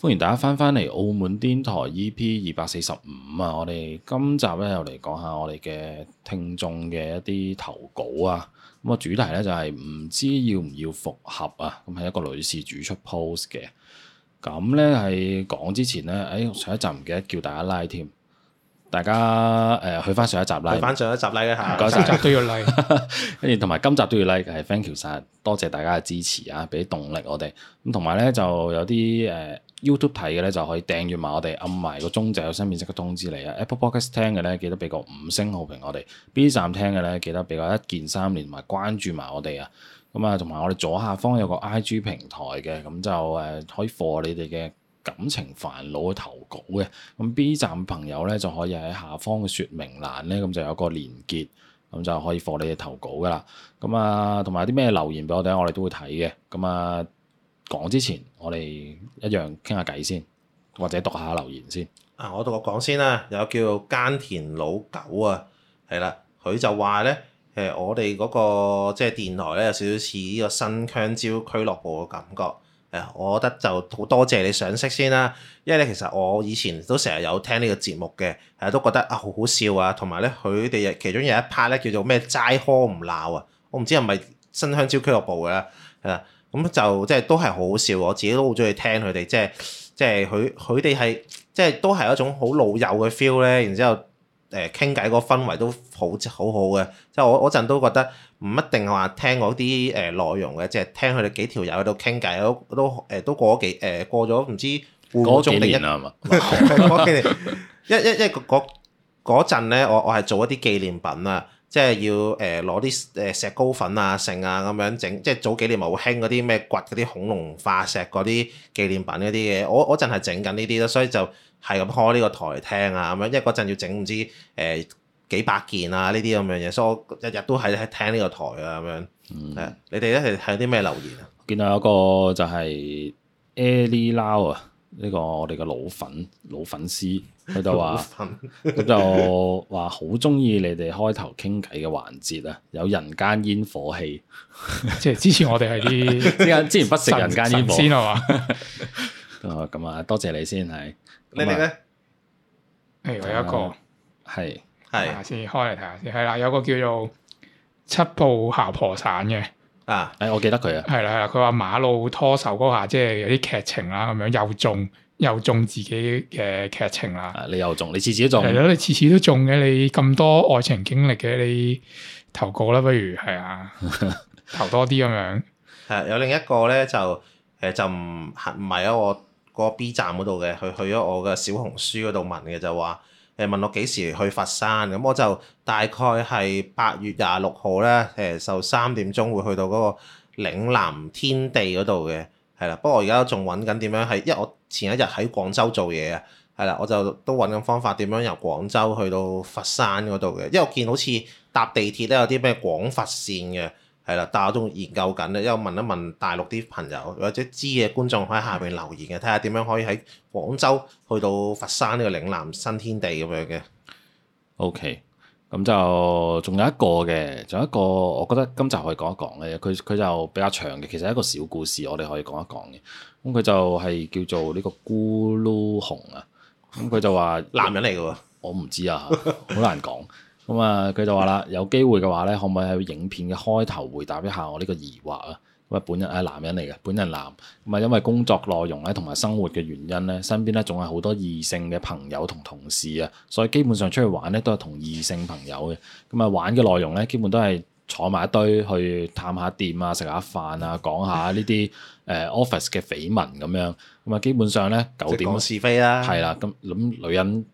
歡迎大家返返嚟澳門癲台 EP 二百四十五啊！我哋今集咧又嚟講下我哋嘅聽眾嘅一啲投稿啊！咁、那、啊、個、主題咧就係唔知要唔要復合啊！咁係一個女事主出 post 嘅，咁咧係講之前咧，誒、哎、上一集唔記得叫大家拉添、啊。大家誒去翻上一集啦，like，去翻上一集啦，like。嗰集都要 like，跟住同埋今集都要 like，係 thank you 曬，多謝大家嘅支持啊，俾動力我哋。咁同埋咧就有啲誒 YouTube 睇嘅咧就可以訂閱埋我哋，暗埋個鐘仔有新片即刻嘅通知你啊。Apple Podcast 聽嘅咧記得俾個五星好評我哋，B 站聽嘅咧記得俾個一鍵三連同埋關注埋我哋啊。咁啊，同埋我哋左下方有個 IG 平台嘅，咁就誒可以 follow 你哋嘅。感情煩惱嘅投稿嘅，咁 B 站朋友咧就可以喺下方嘅説明欄咧，咁就有個連結，咁就可以幫你嘅投稿噶啦。咁啊，同埋啲咩留言俾我哋，我哋都會睇嘅。咁啊，講之前，我哋一樣傾下偈先，或者讀下留言先。啊，我讀我講先啦，有叫耕田老九啊，係啦，佢就話咧，誒、那個，我哋嗰個即係電台咧，有少少似呢個新香蕉俱樂部嘅感覺。我覺得就好多謝你賞識先啦，因為咧其實我以前都成日有聽呢個節目嘅，成日都覺得啊好好笑啊，同埋咧佢哋其中有一 part 咧叫做咩齋 call 唔鬧啊，我唔知係咪新香蕉俱樂部嘅啦，係啦，咁就即係都係好好笑，我自己都好中意聽佢哋，即係即係佢佢哋係即係都係一種好老友嘅 feel 咧，然之後，誒傾偈個氛圍都好好好嘅，即係我嗰陣都覺得唔一定話聽嗰啲誒內容嘅，即係聽佢哋幾條友喺度傾偈，都都誒都過咗幾誒、呃、過咗唔知半鐘定一幾年啊嘛，係嗰 年，一一一個陣咧，我我係做一啲紀念品啊。即係要誒攞啲誒石膏粉啊、剩啊咁樣整，即係早幾年冇好興嗰啲咩掘嗰啲恐龍化石嗰啲紀念品嗰啲嘢，我我陣係整緊呢啲啦，所以就係咁開呢個台聽啊咁樣，因為嗰陣要整唔知誒、呃、幾百件啊呢啲咁樣嘢，所以我日日都係喺聽呢個台啊咁樣。誒、嗯，你哋咧係睇啲咩留言啊？見到有一個就係 Ali Lau 啊。呢個我哋嘅老粉老粉絲，佢就話，佢 就話好中意你哋開頭傾偈嘅環節啊，有人間煙火氣， 即係之前我哋係啲，之前不食人間煙火先係嘛，啊咁啊，多謝你先係，你哋咧，誒我有一個係係，先開嚟睇下先，係啦，有個叫做七步姣婆散嘅。啊！哎，我記得佢啊，係啦係啦，佢話馬路拖手嗰下，即係有啲劇情啦咁樣，又中又中自己嘅劇情啦，啊。你又中，你次次都中，係咯，你次次都中嘅。你咁多愛情經歷嘅，你投稿啦，不如係啊， 投多啲咁樣。係有另一個咧，就誒就唔係唔係喺我個 B 站嗰度嘅，佢去咗我嘅小紅書嗰度問嘅，就話。誒問我幾時去佛山，咁我就大概係八月廿六號咧，誒就三點鐘會去到嗰個嶺南天地嗰度嘅，係啦。不過我而家仲揾緊點樣係，因為我前一日喺廣州做嘢啊，係啦，我就都揾緊方法點樣由廣州去到佛山嗰度嘅，因為我見好似搭地鐵咧有啲咩廣佛線嘅。係啦，但係我仲研究緊咧，因為問一問大陸啲朋友，或者知嘅觀眾喺下邊留言嘅，睇下點樣可以喺廣州去到佛山呢個嶺南新天地咁樣嘅。O K，咁就仲有一個嘅，仲有一個我覺得今集可以講一講嘅，佢佢就比較長嘅，其實係一個小故事，我哋可以講一講嘅。咁佢就係叫做呢個咕嚕熊啊，咁佢就話男人嚟㗎喎，我唔知啊，好 難講。咁啊，佢就話啦，有機會嘅話咧，可唔可以喺影片嘅開頭回答一下我呢個疑惑啊？咁啊，本人係、啊、男人嚟嘅，本人男。咁啊，因為工作內容咧，同埋生活嘅原因咧，身邊咧仲係好多異性嘅朋友同同事啊，所以基本上出去玩咧都係同異性朋友嘅。咁啊，玩嘅內容咧，基本都係坐埋一堆去探下店啊、食下飯啊、講下呢啲誒 office 嘅緋聞咁樣。咁啊，基本上咧九點，即係講是非啦，係啦。咁諗女人。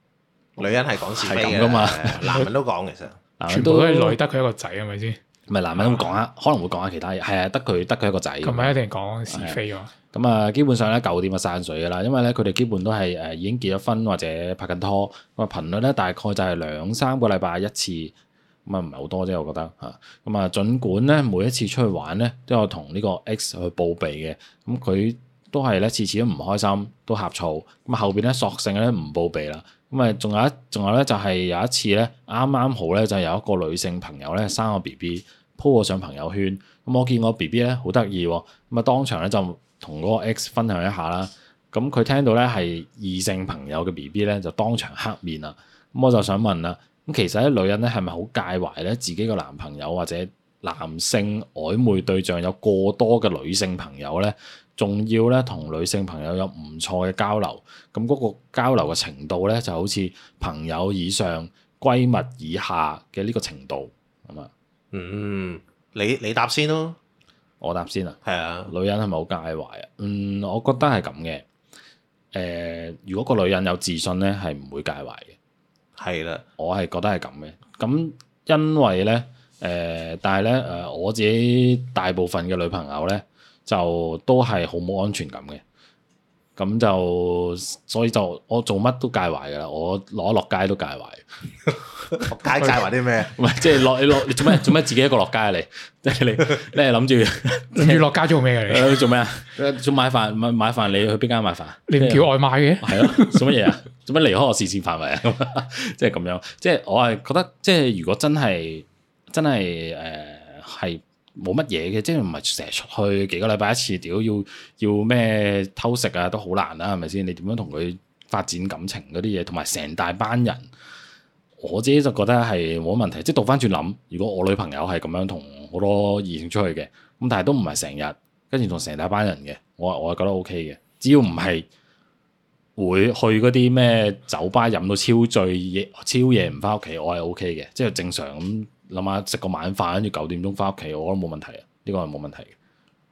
女人係講是非噶嘛？是、是，男人都講，其實，全部都係女，得佢一個仔係咪先？唔係都男人都講啊可能會講下其他嘢，係啊，得佢得佢一個仔，咁咪一定講是非咯。咁啊，基本上咧九點咪散水噶啦，因為咧佢哋基本都係誒已經結咗婚或者拍緊拖，咁啊頻率咧大概就係兩三個禮拜一次，咁啊唔係好多啫，我覺得吓。咁、嗯、啊，盡管咧每一次出去玩咧，都有同呢個 X 去報備嘅，咁、嗯、佢都係咧次次都唔開心，都呷醋，咁後邊咧索性咧唔報備啦。咁啊，仲有一，仲有咧，就係有一次咧，啱啱好咧，就有一個女性朋友咧生個 BB，po 我上朋友圈，咁我見個 B B 咧好得意，咁啊當場咧就同嗰個 x 分享一下啦，咁佢聽到咧係異性朋友嘅 B B 咧就當場黑面啦，咁我就想問啦，咁其實啲女人咧係咪好介懷咧自己個男朋友或者男性曖昧對象有過多嘅女性朋友咧？仲要咧同女性朋友有唔錯嘅交流，咁嗰個交流嘅程度咧就好似朋友以上、閨蜜以下嘅呢個程度，係嘛？嗯，你你答先咯、哦，我答先啊。係啊，女人係咪好介懷啊？嗯，我覺得係咁嘅。誒、呃，如果個女人有自信咧，係唔會介懷嘅。係啦，我係覺得係咁嘅。咁因為咧，誒、呃，但係咧，誒、呃，我自己大部分嘅女朋友咧。就都係好冇安全感嘅，咁就所以就我做乜都介懷噶啦，我攞落街都介懷。 落街介懷啲咩？唔係即係落你落你做咩？做咩自己一個落街呀你，即係你你係諗住諗住落街做咩你做咩 啊？做買飯買買飯？你去邊間買飯？你叫外賣嘅？係咯？做乜嘢啊？做乜離開我視線範圍啊？ 即係咁樣？即係我係覺得即係如果真係真係誒係。呃冇乜嘢嘅，即係唔係成日出去幾個禮拜一次，屌要要咩偷食啊，都好難啦、啊，係咪先？你點樣同佢發展感情嗰啲嘢，同埋成大班人，我自己就覺得係冇問題。即係倒翻轉諗，如果我女朋友係咁樣同好多異性出去嘅，咁但係都唔係成日，跟住同成大班人嘅，我我係覺得 O K 嘅，只要唔係會去嗰啲咩酒吧飲到超醉超夜唔翻屋企，我係 O K 嘅，即係正常咁。諗下食個晚飯，跟住九點鐘翻屋企，我覺得冇問題啊！呢個係冇問題嘅。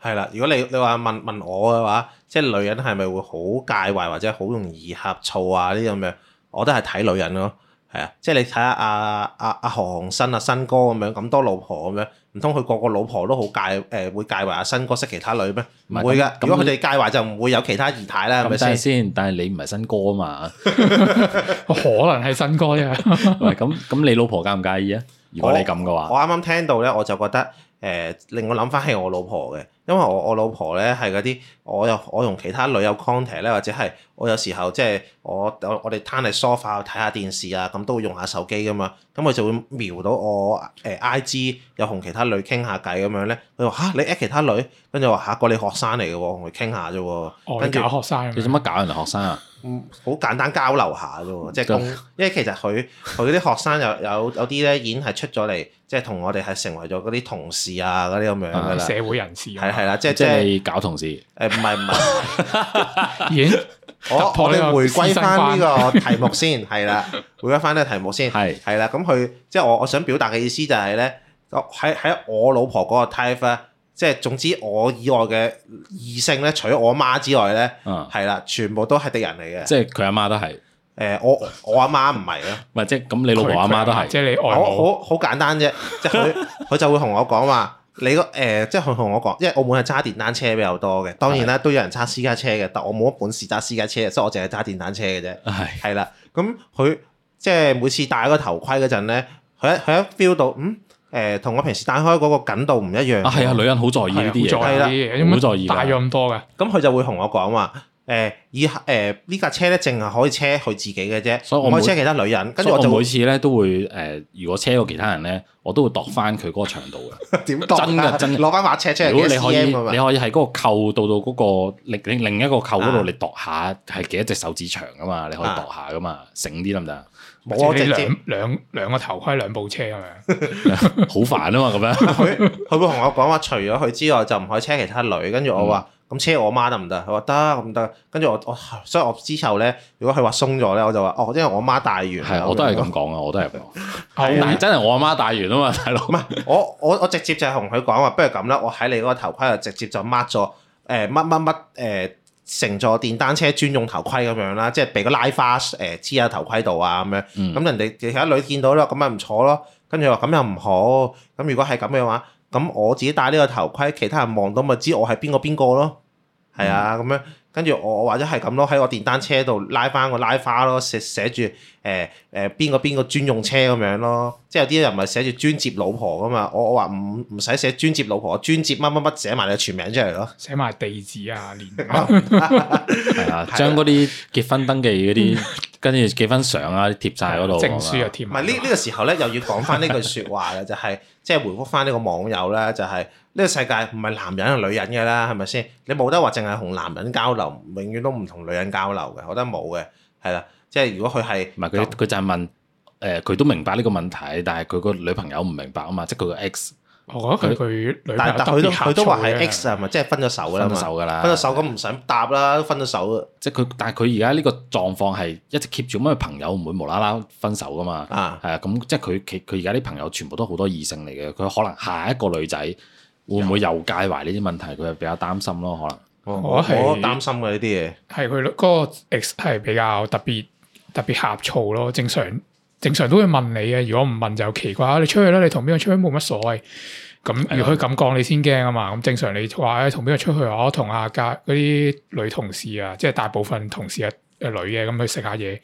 係啦，如果你你話問問我嘅話，即係女人係咪會好介懷或者好容易呷醋啊？啲咁樣，我都係睇女人咯。係啊，即係你睇下阿阿阿韓新啊新哥咁樣咁多老婆咁樣，唔通佢個個老婆都好介誒會介懷阿新哥識其他女咩？唔會噶。如果佢哋介懷，就唔會有其他異態啦，係咪先？但係先，但係你唔係新哥嘛？ 可能係新哥呀、啊 。唔係咁咁，你老婆介唔介意啊？如果你咁嘅話，我，我啱啱聽到咧，我就覺得。誒令我諗翻起我老婆嘅，因為我我老婆咧係嗰啲，我又我同其他女有 contact 咧，或者係我有時候即係我我哋攤喺 sofa 睇下電視啊，咁都會用下手機噶嘛，咁佢就會瞄到我誒、呃、I G 又同其他女傾下偈咁樣咧，佢話嚇你 at 其他女。跟住話嚇嗰你學生嚟嘅喎，同佢傾下啫喎，跟住搞學生，你做乜搞人哋學生啊？好簡單交流下啫，即係咁，對 因為其實佢佢啲學生有有有啲咧已經係出咗嚟。即係同我哋係成為咗嗰啲同事啊，嗰啲咁樣噶啦，啊、社會人士、啊。係係啦，即係即係搞同事。誒、呃，唔係唔係，我我哋回歸翻呢個題目先，係、嗯、啦， 回歸翻呢個題目先，係係啦。咁佢是即係我我想表達嘅意思就係咧，喺喺我老婆嗰個 type 咧，即係總之我以外嘅異性咧，除咗我媽之外咧，係啦、嗯，全部都係敵人嚟嘅。即係佢阿媽都係。誒、呃、我我阿媽唔係咯，唔即係咁你老婆阿媽都係，即係你外母。好好簡單啫，即係佢佢就會同我講話，你個誒、呃、即係佢同我講，因為澳門係揸電單車比較多嘅，當然啦的都有人揸私家車嘅，但我冇乜本事揸私家車，所以我淨係揸電單車嘅啫。係係啦，咁佢即係每次戴個頭盔嗰陣咧，佢一佢一 feel 到嗯誒同、呃、我平時戴開嗰個緊度唔一樣。係啊，女人好在意呢啲嘢，好在好在意嘅。的的大約咁多嘅，咁佢就會同我講話。誒以誒呢架車咧，淨係可以車佢自己嘅啫，所以我唔可以車其他女人。跟住我每次咧都會誒，如果車過其他人咧，我都會度翻佢嗰個長度嘅。點度？真嘅真。攞翻把尺出嚟。如果你可以，你可以喺嗰個扣到到嗰個另另一個扣嗰度，你度下係幾多隻手指長噶嘛？你可以度下噶嘛？醒啲得唔得？冇直接兩兩個頭盔兩部車咁樣，好煩啊嘛！咁樣，佢佢會同我講話，除咗佢之外，就唔可以車其他女。跟住我話。咁車我媽得唔得？佢話得，咁得。跟住我我，所以我之後咧，如果佢話鬆咗咧，我就話哦，因為我媽戴完。係我都係咁講啊，我都係咁講。但係真係我阿媽戴完啊嘛，大佬唔係，我我我直接就係同佢講話，不如咁啦，我喺你嗰個頭盔度直接就抹咗誒乜乜乜誒乘坐電單車專用頭盔咁樣啦，即係俾個拉花誒黐喺頭盔度啊咁樣。嗯。咁人哋其他女見到啦，咁咪唔坐咯。跟住話咁又唔好，咁如果係咁嘅話。咁我自己戴呢個頭盔，其他人望到咪知我係邊個邊個咯，係啊咁樣，跟住我或者係咁咯，喺個電單車度拉翻個拉花咯，寫寫住誒誒邊個邊個專用車咁樣咯，即係有啲人咪寫住專接老婆噶嘛，我我話唔唔使寫專接老婆，專接乜乜乜寫埋你個全名出嚟咯，寫埋地址啊，年齡係啊，將嗰啲結婚登記嗰啲、嗯。跟住寄翻相啊，貼晒喺嗰度。證書啊貼。唔係呢呢個時候咧，又要講翻呢句説話啦， 就係、是、即係回覆翻呢個網友啦，就係、是、呢、這個世界唔係男人係女人嘅啦，係咪先？你冇得話淨係同男人交流，永遠都唔同女人交流嘅，我覺得冇嘅，係啦。即係如果佢係唔係佢佢就係問誒，佢、呃、都明白呢個問題，但係佢個女朋友唔明白啊嘛，即係佢個 ex 我覺得佢佢，但佢都佢都話係 X 係咪即係分咗手啦？分咗手噶啦，分咗手咁唔想答啦，都分咗手。即係佢，但係佢而家呢個狀況係一直 keep 住，因為朋友唔會無啦啦分手噶嘛。啊，係啊，咁即係佢佢而家啲朋友全部都好多異性嚟嘅，佢可能下一個女仔會唔會又介懷呢啲問題？佢就比較擔心咯，可能、嗯、我我擔心嘅呢啲嘢係佢嗰個 X 係比較特別特別呷醋咯，正常。正常都會問你嘅，如果唔問就奇怪啊！你出去啦，你同邊個出去冇乜所謂。咁如果佢咁講，你先驚啊嘛。咁正常你話誒同邊個出去，我同阿家嗰啲女同事啊，即係大部分同事啊女嘅咁去食下嘢。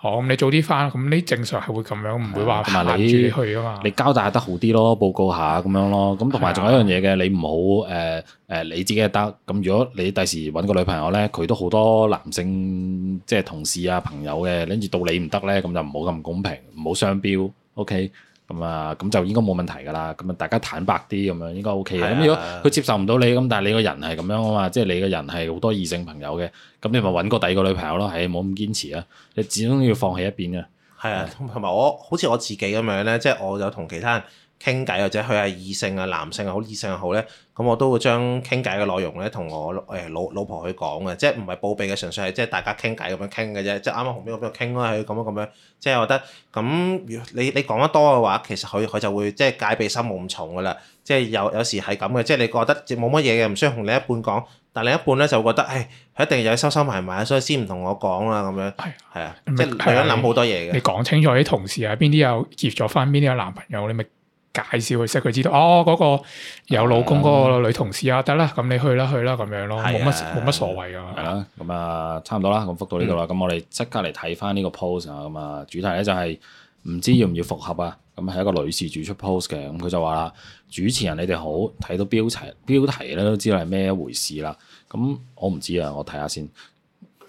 哦，咁你早啲翻，咁你正常係會咁樣，唔、嗯、會話煩住去啊嘛。你交代得好啲咯，報告下咁樣咯。咁同埋仲有一樣嘢嘅，你唔好誒誒你自己得。咁如果你第時揾個女朋友呢，佢都好多男性即係同事啊朋友嘅，跟住到你唔得呢，咁就唔好咁公平，唔好雙標。OK。咁啊，咁就應該冇問題㗎啦。咁啊，大家坦白啲咁樣應該 OK 嘅。咁啊，如果佢接受唔到你，咁但係你個人係咁樣啊嘛，即係你個人係好多異性朋友嘅，咁你咪揾個第二個女朋友咯。係冇咁堅持啊，你始終要放棄一邊嘅。係啊，同埋啊，我好似我自己咁樣咧，即係我有同其他人。傾偈或者佢係異性啊，男性又、啊、好異性又、啊、好咧，咁我都會將傾偈嘅內容咧同我誒老老婆去講嘅，即係唔係報備嘅，純粹係即係大家傾偈咁樣傾嘅啫，即係啱啱同邊個邊度傾啦，佢咁樣咁樣，即係我覺得咁，你你講得多嘅話，其實佢佢就會即係戒備心冇咁重嘅啦，即係有有時係咁嘅，即係你覺得冇乜嘢嘅，唔需要同另一半講，但另一半咧就會覺得誒，佢一定有收收埋埋，所以先唔同我講啦咁樣。係係啊，啊啊即係係咁諗好多嘢嘅。你講清楚啲同事啊，邊啲有結咗婚，邊啲有男朋友，你咪。介紹佢識佢知道哦，嗰、嗰個有老公嗰個女同事啊，得啦的，咁你去啦去啦咁樣咯，冇乜冇乜所謂㗎。咁啊，差唔多啦，咁復到呢度啦。咁、嗯、我哋即刻嚟睇翻呢個 post 啊。咁啊，主題咧就係唔知要唔要復合啊。咁係一個女士主出 post 嘅，咁佢就話啦：主持人你哋好，睇到標題標題咧都知係咩一回事啦。咁我唔知啊，我睇下先看看。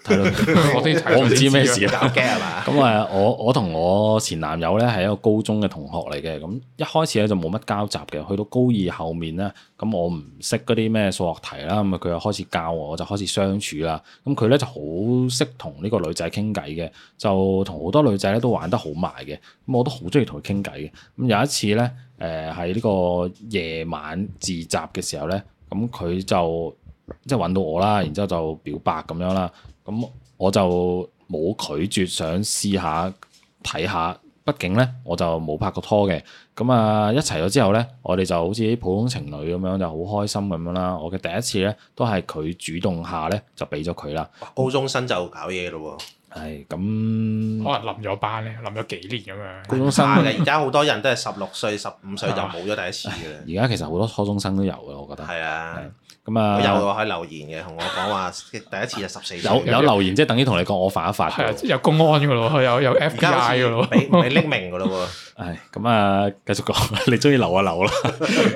睇 我唔知咩事啊！打機係嘛？咁誒，我我同我前男友咧係一個高中嘅同學嚟嘅。咁一開始咧就冇乜交集嘅。去到高二後面咧，咁我唔識嗰啲咩數學題啦，咁佢又開始教我，我就開始相處啦。咁佢咧就好識同呢個女仔傾偈嘅，就同好多女仔咧都玩得好埋嘅。咁我都好中意同佢傾偈嘅。咁有一次咧，誒喺呢個夜晚自習嘅時候咧，咁佢就即係揾到我啦，然之後就表白咁樣啦。咁我就冇拒絕，想試下睇下。畢竟呢，我就冇拍過拖嘅。咁啊，一齊咗之後呢，我哋就好似啲普通情侶咁樣，就好開心咁樣啦。我嘅第一次呢，都係佢主動下呢，就俾咗佢啦。高中生就搞嘢咯喎。係咁，可能冧咗班呢，冧咗幾年咁樣。高中生嘅而家好多人都係十六歲、十五歲就冇咗第一次嘅啦。而家 其實好多初中生都有咯，我覺得。係啊。咁啊，嗯、有喎，喺留言嘅，同我講話第一次就十四。有有留言，即係等於同你講，我發一發。係啊，有公安噶咯，有有 F I 噶咯，你俾匿名噶咯喎。係，咁啊，繼續講，你中意留啊留啦。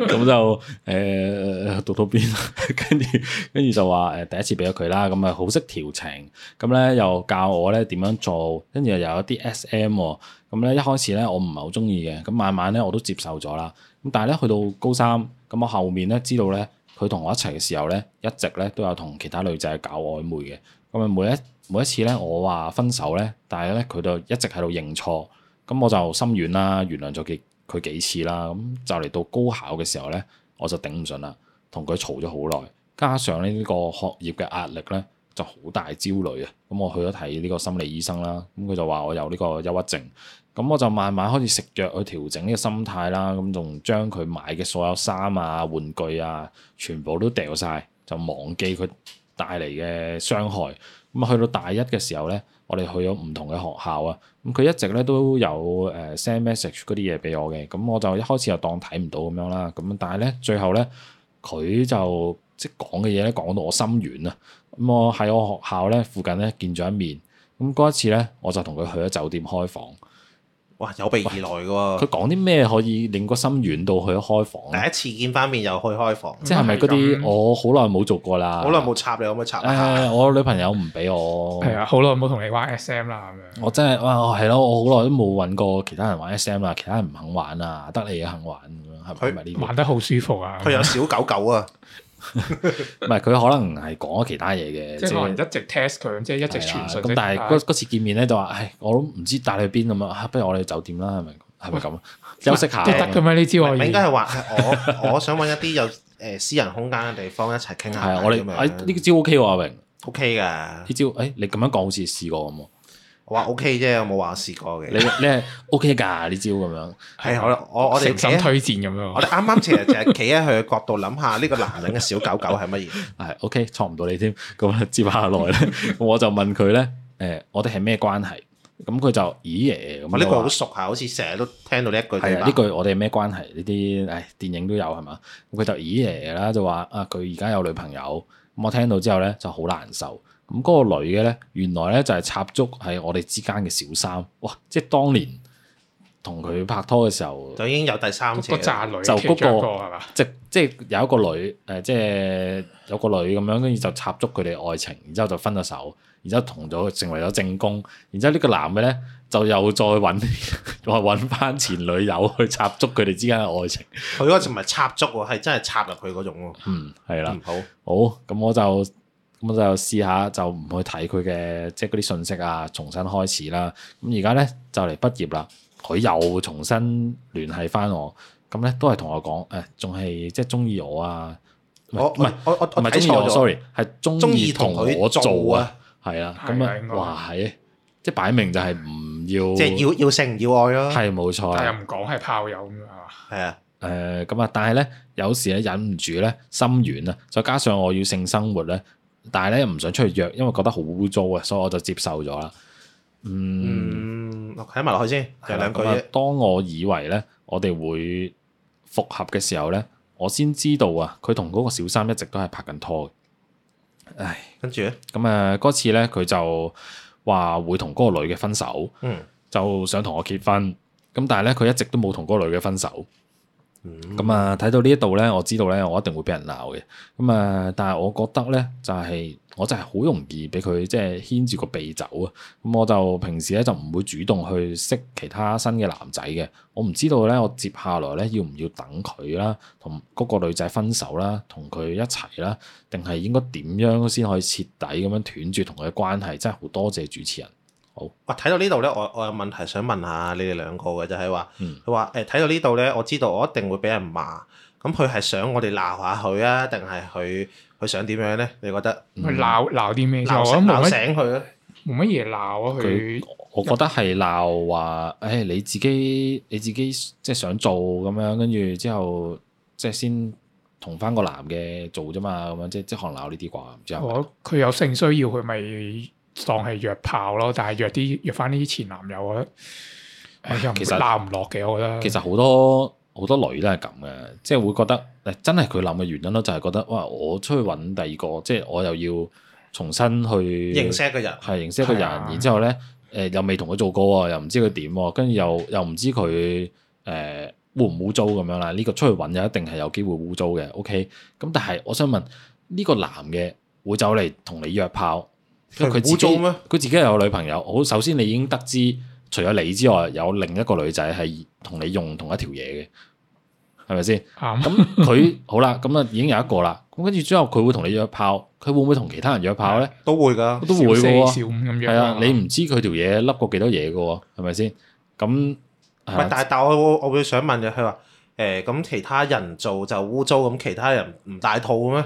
咁就誒讀到邊，跟住跟住就話誒第一次俾咗佢啦。咁啊，好識調情，咁咧又教我咧點樣做，跟住又有一啲 S M。咁咧一開始咧我唔係好中意嘅，咁慢慢咧我都接受咗啦。咁但係咧去到高三，咁我後面咧知道咧。佢同我一齊嘅時候咧，一直咧都有同其他女仔搞曖昧嘅。咁啊，每一每一次咧，我話分手咧，但係咧佢就一直喺度認錯。咁我就心軟啦，原諒咗佢佢幾次啦。咁就嚟到高考嘅時候咧，我就頂唔順啦，同佢嘈咗好耐。加上呢個學業嘅壓力咧，就好大焦慮啊。咁我去咗睇呢個心理醫生啦。咁佢就話我有呢個憂鬱症。咁我就慢慢開始食藥去調整呢個心態啦。咁仲將佢買嘅所有衫啊、玩具啊，全部都掉晒，就忘記佢帶嚟嘅傷害。咁啊，去到大一嘅時候咧，我哋去咗唔同嘅學校啊。咁佢一直咧都有誒 send message 嗰啲嘢俾我嘅。咁我就一開始就當睇唔到咁樣啦。咁但係咧，最後咧，佢就即係講嘅嘢咧，講到我心軟啊。咁我喺我學校咧附近咧見咗一面。咁嗰一次咧，我就同佢去咗酒店開房。哇！有備而來嘅喎、啊，佢講啲咩可以令個心軟到去開房？第一次見返面又去開房，即係咪嗰啲我好耐冇做過啦？好耐冇插你，可唔可以插下、哎、我女朋友唔俾我。係啊，好耐冇同你玩 SM 啦咁樣。我真係哇，係咯，我好耐都冇揾過其他人玩 SM 啦，其他人唔肯玩啊，得你肯玩咁樣，係咪他、呢個、玩得好舒服啊！佢 有小狗狗啊！唔係佢可能係講咗其他嘢嘅，即係一直 test 佢，即係一直傳訊。咁但係嗰次見面咧就話，唉，我都唔知帶你去邊咁樣，不如我哋去酒店啦，係咪？係咪咁？休息下都得嘅咩？呢招我唔應該係話我，我想揾一啲有誒私人空間嘅地方一齊傾下。係啊，我哋誒呢招 OK 喎，阿榮 OK 噶。呢招誒，你咁樣講好似試過咁。話 O K 啫，我冇話試過嘅。你你 O K 噶，呢招咁樣？係我我我哋誠心推薦咁樣。我哋啱啱其實就係企喺佢嘅角度諗下呢個男人嘅小狗狗係乜嘢。係 O K，錯唔到你添。咁啊，接下來咧， 我就問佢咧，誒、哎，我哋係咩關係？咁、嗯、佢就咦耶！我呢、 嗯、句好熟下，好似成日都聽到呢一句。係呢、 啊、句我哋係咩關係？呢啲誒電影都有係嘛？咁佢就咦耶啦，就話啊，佢而家有女朋友。咁我聽到之後咧就好難受。咁嗰個女嘅咧，原來咧就係插足喺我哋之間嘅小三，哇！即係當年同佢拍拖嘅時候，就已經有第三者，就嗰個，個，即係即係有一個女，誒、呃，即係有一個女咁樣，跟住就插足佢哋愛情，然之後就分咗手，然之後同咗成為咗正宮，然之後呢個男嘅咧就又再搵，再搵翻前女友去插足佢哋之間嘅愛情。佢嗰 個唔係插足，係真係插入去嗰種。嗯，係啦，好，好，咁我就。咁我就試下就唔去睇佢嘅，即係嗰啲信息啊，重新開始啦。咁而家咧就嚟畢業啦，佢又重新聯繫翻我，咁咧都係同我講誒，仲、哎、係即係中意我啊，唔係我是我唔係中意我，sorry，係中意同我做啊，係啊，咁啊，嗯、的哇係，即係擺明就係唔要，即係要要性要愛咯，啊，係冇錯、啊啊呃，但又唔講係炮友咁樣係嘛，係啊，誒咁啊，但係咧有時咧忍唔住咧心軟啊，再加上我要性生活咧。但係咧唔想出去約，因為覺得好污糟啊，所以我就接受咗啦。嗯，睇埋落去先，就兩句啫。當我以為咧我哋會復合嘅時候咧，我先知道啊，佢同嗰個小三一直都係拍緊拖嘅。唉，跟住咧，咁啊嗰次咧佢就話會同嗰個女嘅分手，嗯，就想同我結婚。咁但係咧佢一直都冇同嗰個女嘅分手。咁啊，睇、嗯、到呢一度咧，我知道咧，我一定會俾人鬧嘅。咁啊，但係我覺得咧，就係我真係好容易俾佢即係牽住個鼻走啊。咁我就平時咧就唔會主動去識其他新嘅男仔嘅。我唔知道咧，我接下來咧要唔要等佢啦，同嗰個女仔分手啦，同佢一齊啦，定係應該點樣先可以徹底咁樣斷絕同佢嘅關係？真係好多謝主持人。好，哇，睇到呢度咧，我我有問題想問下你哋兩個嘅，就係話，佢話誒，睇到呢度咧，我知道我一定會俾人罵，咁佢係想我哋鬧下佢啊，定係佢佢想點樣咧？你覺得？佢鬧鬧啲咩？鬧醒佢咯，冇乜嘢鬧啊！佢，我覺得係鬧話，誒，你自己你自己即係想做咁樣，跟住之後即係先同翻個男嘅做啫嘛，咁樣即即可能鬧呢啲啩？唔知啊。我，佢有性需要，佢咪？當係約炮咯，但係約啲約返呢啲前男友，我覺得又其實鬧唔落嘅，我覺得。其實好多好多女都係咁嘅，即係會覺得誒，真係佢諗嘅原因咯，就係覺得哇，我出去揾第二個，即係我又要重新去認識一個人，係認識一個人，的然之後咧誒、呃、又未同佢做過，又唔知佢點，跟住又又唔知佢誒、呃、會唔會污糟咁樣啦。呢、這個出去揾就一定係有機會污糟嘅。OK，咁但係我想問呢、這個男嘅會走嚟同你約炮？佢自己，佢自己又有女朋友。好，首先你已經得知，除咗你之外，有另一個女仔係同你用同一條嘢嘅，係咪先？咁佢好啦，咁啊已經有一個啦。咁跟住之後，佢會同你約炮，佢會唔會同其他人約炮咧？都會噶，都會。少四少五咁樣。係啊，你唔知佢條嘢笠過幾多嘢噶，係咪先？咁，喂，但係但我我會想問嘅佢話，誒，咁其他人做就污糟，咁其他人唔戴套咩？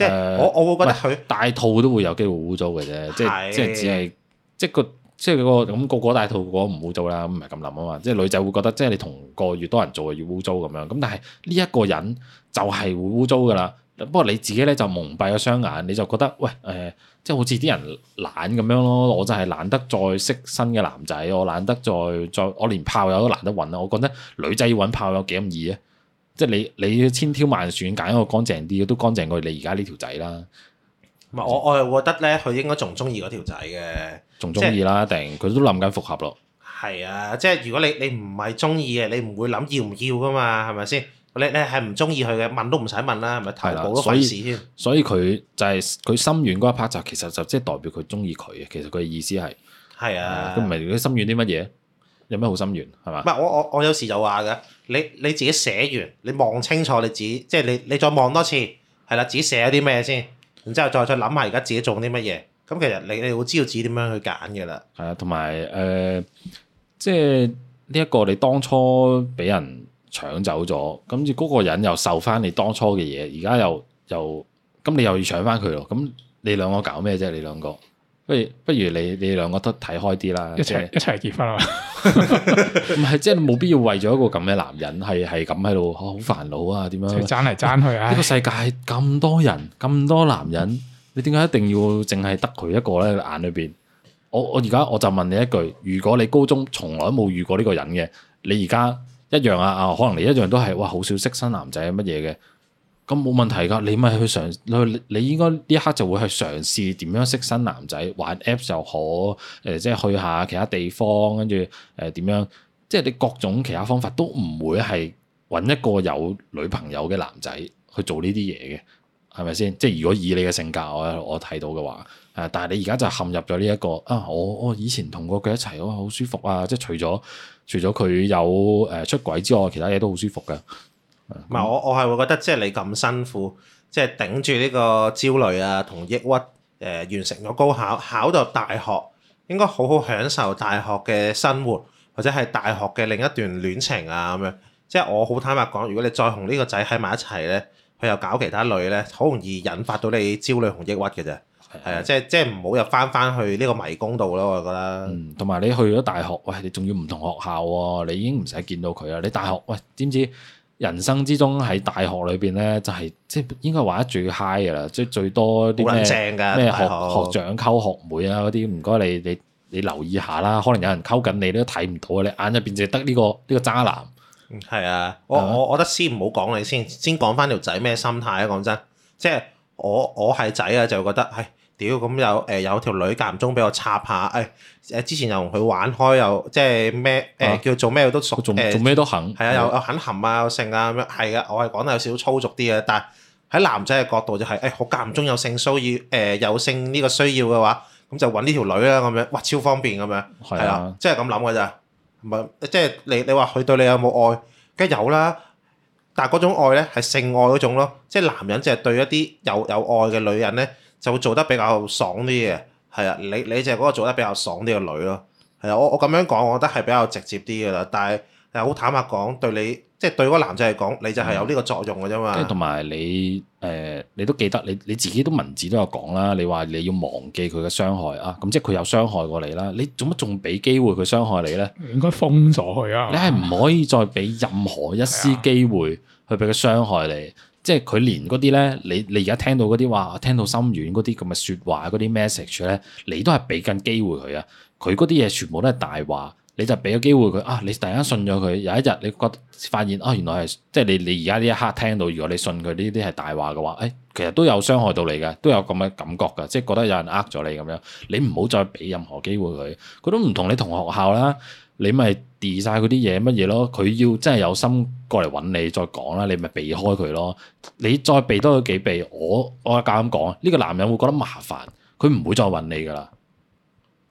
即我我會覺得佢戴套都會有機會污糟嘅啫，即係即係只係即係個即係個咁個個戴套個唔污糟啦，唔係咁諗啊嘛。即係女仔會覺得即係你同個越多人做就越污糟咁樣。咁但係呢一個人就係會污糟㗎啦。不過你自己咧就蒙蔽咗雙眼，你就覺得喂，誒，即係好似啲人懶咁樣咯。我就係懶得再識新嘅男仔，我懶得再再我連炮友都懶得揾啦。我覺得女仔要揾炮友幾咁易啊？即係你，你要千挑萬選揀一個乾淨啲嘅，都乾淨過你而家呢條仔啦。唔係我，我又覺得咧，佢應該仲中意嗰條仔嘅，仲中意啦，定佢即都諗緊復合咯。係啊，即係如果你你唔係中意嘅，你唔會諗要唔要噶嘛，係咪先？你你係唔中意佢嘅，問都唔使問啦，係咪？係啦、啊，所以所以佢就係佢心軟嗰一 part 就其實就即係代表佢中意佢嘅，其實佢意思係係啊，佢唔係佢心軟啲乜嘢。有咩好心願？係嘛？唔係我我我有時就話嘅，你你自己寫完，你望清楚你自己，即係你你再望多次，係啦，自己寫咗啲咩先，然之後再再諗下而家自己做啲乜嘢，咁其實你你會知道自己點樣去揀嘅啦。係啊，同埋誒，即係呢一個你當初俾人搶走咗，跟住嗰個人又受翻你當初嘅嘢，而家又又咁你又要搶翻佢咯，咁你兩個搞咩啫？你兩個？不如不如你你哋兩個都睇開啲啦，一齊起、即係、一齊結婚啊！唔係， 即係冇必要為咗一個咁嘅男人，係係咁喺度好煩惱啊！點樣爭嚟爭去啊？呢 個世界咁多人，咁多男人，你點解一定要淨係得佢一個咧？眼裏邊，我我而家我就問你一句，如果你高中從來冇遇過呢個人嘅，你而家一樣啊啊！可能你一樣都係哇，好少識新男仔乜嘢嘅。咁冇問題噶，你咪去嘗試，你你應該呢刻就會去嘗試點樣識新男仔，玩 Apps 就好，誒、呃，即係去下其他地方，跟住誒點樣，即係你各種其他方法都唔會係揾一個有女朋友嘅男仔去做呢啲嘢嘅，係咪先？即係如果以你嘅性格，我我睇到嘅話，誒、呃，但係你而家就陷入咗呢一個啊，我我、哦、以前同過佢一齊，好、哦、舒服啊！即係除咗除咗佢有誒、呃、出軌之外，其他嘢都好舒服嘅。唔係 esta pe ño 那我，我係會覺得即係你咁辛苦，即係頂住呢個焦慮啊同抑鬱，誒、呃、完成咗高考，考到大學，應該好好享受大學嘅生活，或者係大學嘅另一段戀情啊咁樣。即係我好坦白講，如果你再同呢個仔喺埋一齊咧，佢又搞其他女咧，好容易引發到你焦慮同抑鬱嘅啫。係啊，即即係唔好又翻翻去呢個迷宮度咯，我覺得。同埋、嗯、你去咗大學，喂你仲要唔同學校喎，你已經唔使見到佢啦。你大學，喂點知，知？人生之中喺大學裏邊咧，就係即係應該玩得最 high 嘅啦，即係最多啲咩咩學學，學長溝學妹啊嗰啲，唔該你你你，你留意下啦，可能有人溝緊你，你都睇唔到嘅，你眼入邊淨得呢個呢、呢個渣男。係啊，我我我覺得先唔好講你先，先講翻條仔咩心態啊！講真，即係我我係仔啊，就覺得係。屌咁有誒有條女間唔中俾我插下，誒誒之前又同佢玩開，又即係咩誒叫做咩都熟，做咩都肯，係啊，又肯含啊有性啊咁樣，係啊，我係講得有少少粗俗啲嘅，但係喺男仔嘅角度就係誒，好間唔中有性需要，誒有性呢個需要嘅話，咁就揾呢條女啦咁樣，哇超方便咁樣，係啊，即係咁諗嘅咋，唔係即係你你話佢對你有冇愛，梗有啦，但係嗰種愛咧係性愛嗰種咯，即係男人就係對一啲有有愛嘅女人咧。就會做得比較爽啲嘅，係啊，你你就係嗰個做得比較爽啲嘅女咯，係啊，我我咁樣講，我覺得係比較直接啲嘅啦。但係又好坦白講，對你即係、就是、對嗰個男仔嚟講，你就係有呢個作用嘅啫嘛。即同埋你誒、呃，你都記得你你自己都文字都有講啦。你話你要忘記佢嘅傷害啊，咁即係佢有傷害過你啦。你做乜仲俾機會佢傷害你咧？應該封咗佢啊！你係唔可以再俾任何一絲機會的去俾佢傷害你。即係佢連嗰啲咧，你你而家聽到嗰啲話，聽到心軟嗰啲咁嘅説話嗰啲 message 咧，你都係俾緊機會佢啊！佢嗰啲嘢全部都係大話，你就俾個機會佢啊！你突然間信咗佢，有一日你覺得發現啊，原來係即係你你而家呢一刻聽到，如果你信佢呢啲係大話嘅話，誒、哎、其實都有傷害到你嘅，都有咁嘅感覺嘅，即係覺得有人呃咗你咁樣，你唔好再俾任何機會佢。佢都唔同你同學校啦，你咪、就是 delete 曬佢啲嘢乜嘢咯，佢要真係有心過嚟揾你再講啦，你咪避開佢咯。你再避多佢幾避，我我一間咁講，呢個男人會覺得麻煩，佢唔會再揾你噶啦。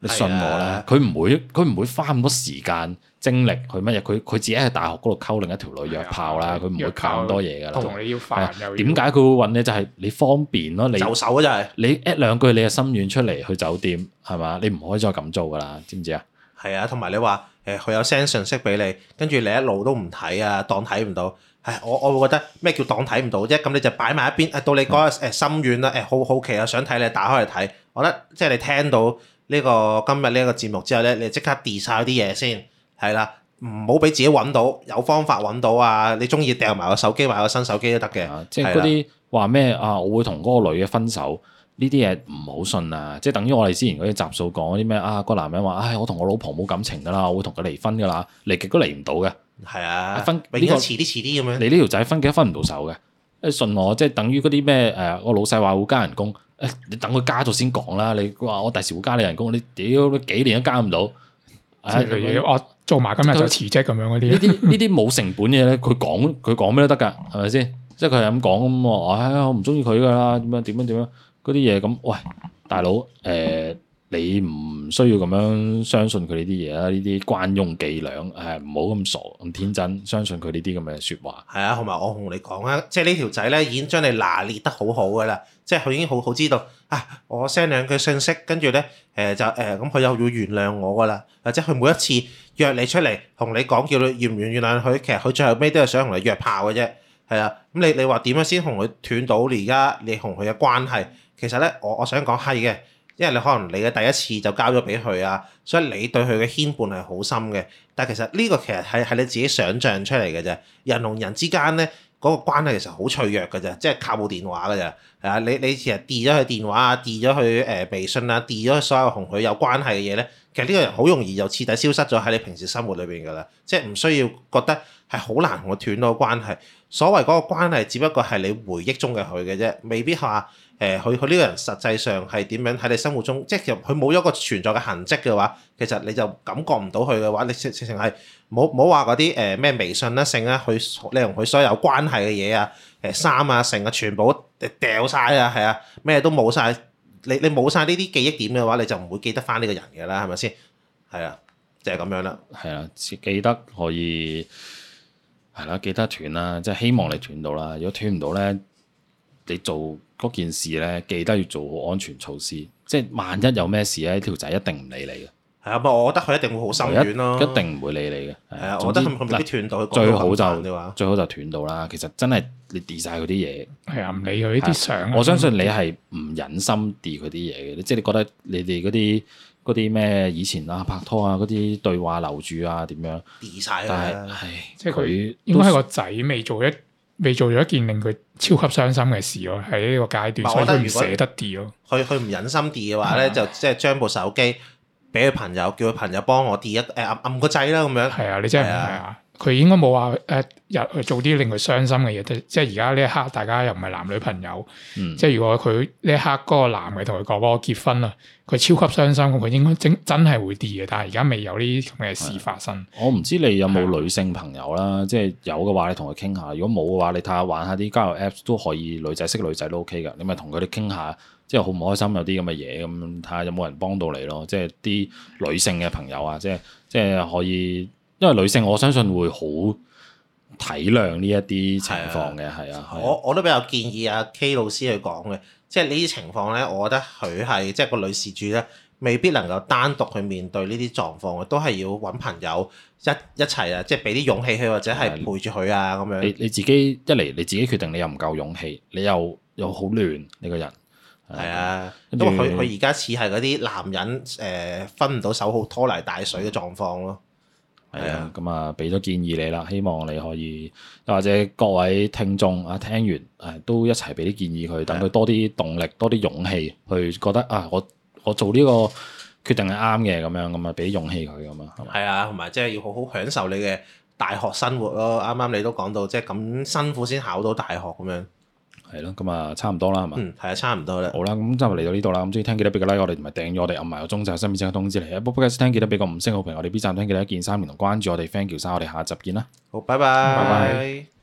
你信我咧，佢唔會，佢唔會花咁多時間精力去乜嘢，佢佢自己喺大學嗰度溝另一條女約炮啦，佢唔會搞咁多嘢噶啦。同你要煩又點解佢會揾你？就係你方便咯，你就手啊真係。你一兩句你嘅心願出嚟去酒店係嘛？你唔可以再咁做噶啦，知唔知啊？係啊，同埋你話。佢有 sent 信息俾你，跟住你一路都唔睇啊，當睇唔到。唉，我我會覺得咩叫當睇唔到啫？咁你就擺埋一邊啊，到你嗰日心軟啦，誒好好奇啊，想睇你打開嚟睇。我覺得，哎覺得，哎哎、我覺得即係你聽到呢、呢個今日呢一個節目之後咧，你即刻 delete 曬啲嘢先，係啦，唔好俾自己揾到。有方法揾到啊，你中意掉埋個手機買個新手機都得嘅。即係嗰啲話咩啊？我會同嗰個女嘅分手。呢啲嘢唔好信啊！即係等於我哋之前嗰啲集數講嗰啲咩啊？個男人話，唉，我同我老婆冇感情噶啦，我會同佢離婚噶啦，離極都離唔到嘅。係啊，啊，分遲啲遲啲咁樣。你呢條仔分幾分唔到手嘅？誒、啊，信我即係等於嗰啲咩誒？我老細話會加人工誒，你等佢加咗先講啦。你話我第時會加你人工？你屌，你幾年都加唔到。譬、啊、我做埋今日就辭職咁樣嗰啲呢？啲呢啲冇成本嘅嘢咧，佢講佢講咩都得噶，係咪先？即係佢係咁講咁，唉，我唔中意佢噶啦，點樣點樣點樣。嗰啲嘢咁，喂，大佬，誒、呃，你唔需要咁樣相信佢呢啲嘢啦，呢啲慣用伎倆，係唔好咁傻咁天真相信佢呢啲咁嘅説話。係啊，同埋我同你講啊，即係呢條仔咧已經將你拿捏得好好嘅啦，即係佢已經好好知道啊，我 send 兩句信息，跟住咧，誒、呃、就誒咁，佢、呃、又要原諒我嘅啦，或者佢每一次約你出嚟同你講叫你願唔願原諒佢，其實佢最後尾都係想同你約炮嘅啫，係啊，咁你你話點樣先同佢斷到你，而家你同佢嘅關係？其實咧，我我想講係嘅，因為你可能你嘅第一次就交咗俾佢啊，所以你對佢嘅牽絆係好深嘅。但係其實呢個其實係係你自己想象出嚟嘅啫。人同人之間咧，嗰個關係其實好脆弱嘅啫，即係靠部電話嘅啫。係啊，你你其實跌咗佢電話啊，跌咗佢誒微信啊，跌咗所有同佢有關係嘅嘢咧，其實呢個人好容易就徹底消失咗喺你平時生活裏邊噶啦，即係唔需要覺得。係好難同佢斷到關係。所謂嗰個關係，只不過係你回憶中嘅佢嘅啫，未必話誒佢佢呢個人實際上係點樣喺你生活中，即係佢冇一個存在嘅痕跡嘅話，其實你就感覺唔到佢嘅話，你直情係冇冇話嗰啲誒咩微信啦、啊、性啦，佢你同佢所有有關係嘅嘢啊、誒、呃、衫啊、剩啊，全部掉晒啊，係啊，咩都冇晒。你你冇晒呢啲記憶點嘅話，你就唔會記得翻呢個人嘅啦，係咪先？係啊，就係咁樣啦。係啊，記得可以。係啦，記得斷啦，即係希望你斷到啦。如果斷唔到咧，你做嗰件事咧，記得要做好安全措施。即係萬一有咩事咧，條仔一定唔理你嘅。係啊，不過，我覺得佢一定會好心軟啊，一定唔會理你嘅。係啊，的之我覺得佢未必斷到，的斷到最好就話最好就斷到啦。其實真係你 delete 晒啲嘢，係啊，唔理佢呢啲相。我相信你係唔忍心 delete 佢啲嘢嘅，即係你覺得你哋嗰啲。嗰啲咩以前啊拍拖啊嗰啲對話留住啊，點樣 d e l e 係，即係佢應該係個仔未做一未做咗一件令佢超級傷心嘅事咯，啊，喺呢個階段，不所以佢捨得啲 e 咯。佢，佢唔忍心啲嘅話咧，啊、就即係將部手機俾佢朋友，叫佢朋友幫我 d 一誒暗暗個掣啦，咁樣。係啊，你真係啊！佢應該冇話誒入做啲令佢傷心嘅嘢，即即係而家呢一刻，大家又唔係男女朋友。嗯，即係如果佢呢一刻嗰個男嘅同佢講話我結婚啦，佢超級傷心，佢應該真真係會跌嘅。但係而家未有呢啲咁嘅事發生。我唔知你有冇女性朋友啦，的即係有嘅話，你同佢傾下；如果冇嘅話，你睇下玩下啲交友 Apps 都可以，女仔識女仔都 OK 噶。你咪同佢哋傾下，即係好唔開心有啲咁嘅嘢咁，睇下有冇人幫到你咯。即係啲女性嘅朋友啊，即係即係可以。因為女性，我相信會好體諒呢一啲情況嘅，係啊，啊我我都比較建議阿 K 老師去講嘅，即、就、係、是、呢啲情況咧，我覺得佢係即係個女事主咧，未必能夠單獨去面對呢啲狀況，都係要揾朋友一一齊啊，即係俾啲勇氣去，或者係陪住佢啊咁、啊、樣。你你自己一嚟你自己決定你，你又唔夠勇氣，你又又好亂你個人。係啊，因為佢佢而家似係嗰啲男人誒、呃，分唔到手好拖泥帶水嘅狀況咯。嗯係啊，咁啊俾咗建議你啦，希望你可以，或者各位聽眾啊聽完，誒都一齊俾啲建議佢，等佢、啊、多啲動力，多啲勇、啊、勇氣，去覺得啊我我做呢個決定係啱嘅咁樣，咁啊俾啲勇氣佢咁啊，係啊，同埋即係要好好享受你嘅大學生活咯。啱啱你都講到，即係咁辛苦先考到大學咁樣。係咯，咁啊，差唔多啦，係嘛、嗯，係啊吧，差唔多啦。好啦，咁就嚟到呢度啦。咁中意聽記得俾個 like，我哋同埋訂咗，我哋撳埋個鐘就係新片先通知嚟。不不介意聽記得俾個五星好評，我哋 B 站聽記得一鍵三連同關注我哋 Thank you 晒！好我哋謝下集見啦。好，拜拜！拜拜。